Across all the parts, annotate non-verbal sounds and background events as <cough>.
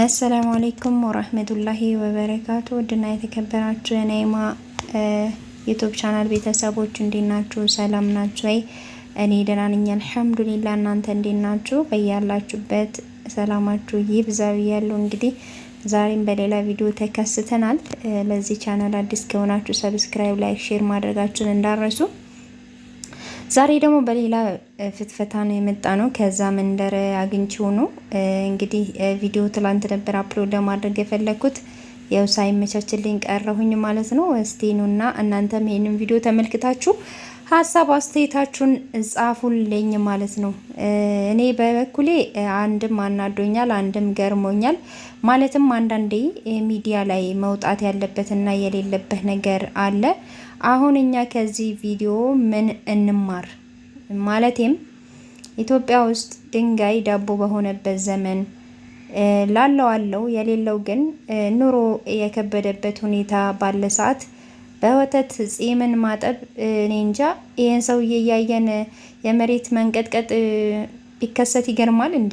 አሰላሙ አሌይኩም ወራህመቱላሂ ወበረካቱ ውድና የተከበራችሁ የናይማ ዩቱብ ቻናል ቤተሰቦች እንዴት ናችሁ? ሰላም ናችሁ ወይ? እኔ ደህና ነኝ አልሐምዱሊላ። እናንተ እንዴት ናችሁ? በያላችሁበት ሰላማችሁ ይብዛው እያለሁ እንግዲህ ዛሬም በሌላ ቪዲዮ ተከስተናል። ለዚህ ቻናል አዲስ ከሆናችሁ ሰብስክራይብ፣ ላይክ፣ ሼር ማድረጋችሁን እንዳረሱ ዛሬ ደግሞ በሌላ ፍትፈታ ነው የመጣ ነው። ከዛ መንደር አግኝቼው ነው እንግዲህ ቪዲዮ ትላንት ነበር አፕሎድ ለማድረግ የፈለግኩት ያው ሳይመቻችልኝ ቀረሁኝ ማለት ነው። እስቲ ኑና እናንተም ይሄንን ቪዲዮ ተመልክታችሁ ሀሳብ አስተያየታችሁን ጻፉልኝ ማለት ነው። እኔ በበኩሌ አንድም አናዶኛል፣ አንድም ገርሞኛል። ማለትም አንዳንዴ ሚዲያ ላይ መውጣት ያለበትና የሌለበት ነገር አለ። አሁን እኛ ከዚህ ቪዲዮ ምን እንማር? ማለቴም ኢትዮጵያ ውስጥ ድንጋይ ዳቦ በሆነበት ዘመን ላለው አለው የሌለው ግን ኑሮ የከበደበት ሁኔታ ባለ ሰዓት በወተት ጺምን ማጠብ እኔ እንጃ። ይህን ሰውዬ እያየን የመሬት መንቀጥቀጥ ቢከሰት ይገርማል እንዴ?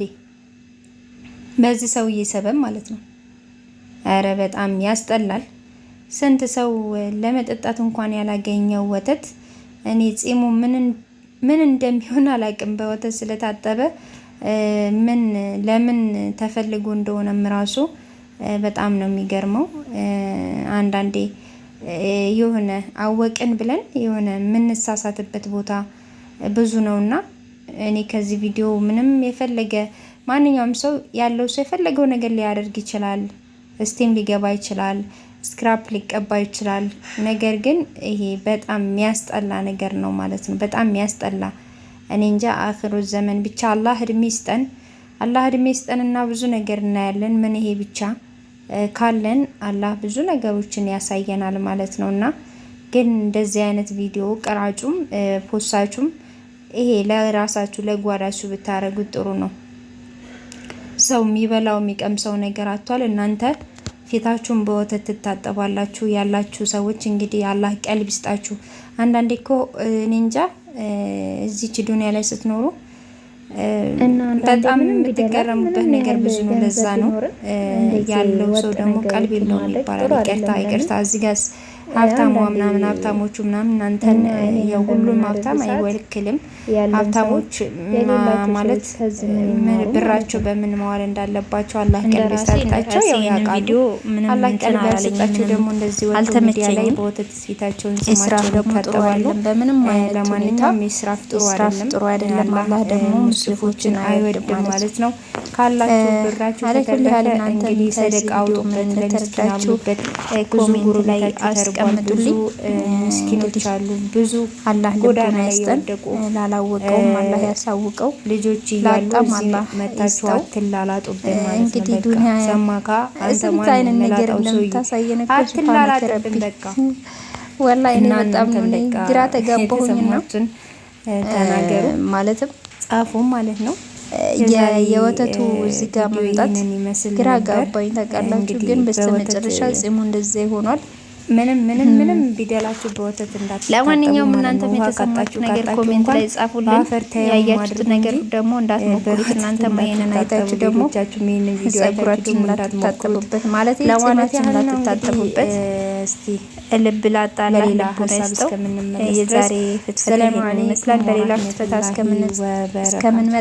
በዚህ ሰውዬ ሰበብ ማለት ነው። አረ በጣም ያስጠላል። ስንት ሰው ለመጠጣት እንኳን ያላገኘው ወተት እኔ ጺሙ ምን እንደሚሆን አላቅም። በወተት ስለታጠበ ምን ለምን ተፈልጎ እንደሆነም ራሱ በጣም ነው የሚገርመው። አንዳንዴ የሆነ አወቅን ብለን የሆነ የምንሳሳትበት ቦታ ብዙ ነው እና እኔ ከዚህ ቪዲዮ ምንም የፈለገ ማንኛውም ሰው ያለው ሰው የፈለገው ነገር ሊያደርግ ይችላል። ስቲም ሊገባ ይችላል። ስክራፕ ሊቀባ ይችላል። ነገር ግን ይሄ በጣም የሚያስጠላ ነገር ነው ማለት ነው። በጣም የሚያስጠላ እኔ እንጃ አክሩ ዘመን ብቻ አላህ እድሜ ይስጠን። አላህ እድሜ ይስጠንና ብዙ ነገር እናያለን። ምን ይሄ ብቻ ካለን አላህ ብዙ ነገሮችን ያሳየናል ማለት ነውና፣ ግን እንደዚህ አይነት ቪዲዮ ቀራጩም ፖሳቹም ይሄ ለራሳችሁ ለጓዳችሁ ብታረጉት ጥሩ ነው። ሰው የሚበላው የሚቀምሰው ነገር አቷል። እናንተ ፊታችሁን በወተት ትታጠባላችሁ። ያላችሁ ሰዎች እንግዲህ አላህ ቀልብ ይስጣችሁ። አንዳንዴ እኮ እኔ እንጃ እዚች ዱኒያ ላይ ስትኖሩ በጣም የምትገረሙበት ነገር ብዙ ነው። ለዛ ነው ያለው ሰው ደግሞ ቀልብ የለውም ይባላል። ይቅርታ ይቅርታ እዚህ ጋር ሀብታሟ ምናምን ሀብታሞቹ ምናምን እናንተን የሁሉም ሀብታም አይወክልም። ሀብታሞች ማለት ብራቸው በምን መዋል እንዳለባቸው አላህ ቀልብ ሰጣቸው ያውቃሉ። አላህ ቀልብ ያሰጣቸው ደግሞ እንደዚህ ወጡ ሚዲያ ላይ በወተት ስፊታቸውን ስማቸው ደግሞ ያጠባሉ። ለማንኛውም ስራፍ ጥሩ አይደለም። አላህ ደግሞ ሙስሊፎችን አይወድም ማለት ነው። ካላችሁ ብራችሁ እንግዲህ ሰደቃ አውጡበት፣ ኮሜንት ላይ አስቀምጡልኝ። ምስኪኖች አሉ ብዙ አላህ ጎዳና ላላወቀውም አላህ ያሳውቀው። ልጆች እያሉ መታችሁ አትላላጡብን ማለት ነው። ሰማካ አትላላጡብን። በቃ <laughs> ወላሂ እኔ በጣም ግራ ተጋባሁኝና ተናገሩ ማለትም ጻፉ ማለት ነው። የወተቱ እዚህ ጋር መምጣት ግራ ጋባኝ ታውቃላችሁ። ግን በስተመጨረሻ ጽሙ እንደዛ ይሆኗል። ምንም ምንም ምንም ቢደላችሁ በወተት እንዳት። ለማንኛውም እናንተም የተሰማችሁ ነገር ኮሜንት ላይ ጻፉልን። ያያችሁት ነገር ደግሞ እንዳትሞክሩት። እናንተም ይሄንን አይታችሁ ደግሞ ጸጉራችሁን እንዳትታጠቡበት ማለት ለማናችሁ እንዳትታጠቡበት ልብ ላጣ ለሌላ ሀሳብ እስከምንመለስ የዛሬ ፍትፈት ይመስላል። በሌላ ፍትፈታ እስከምንመ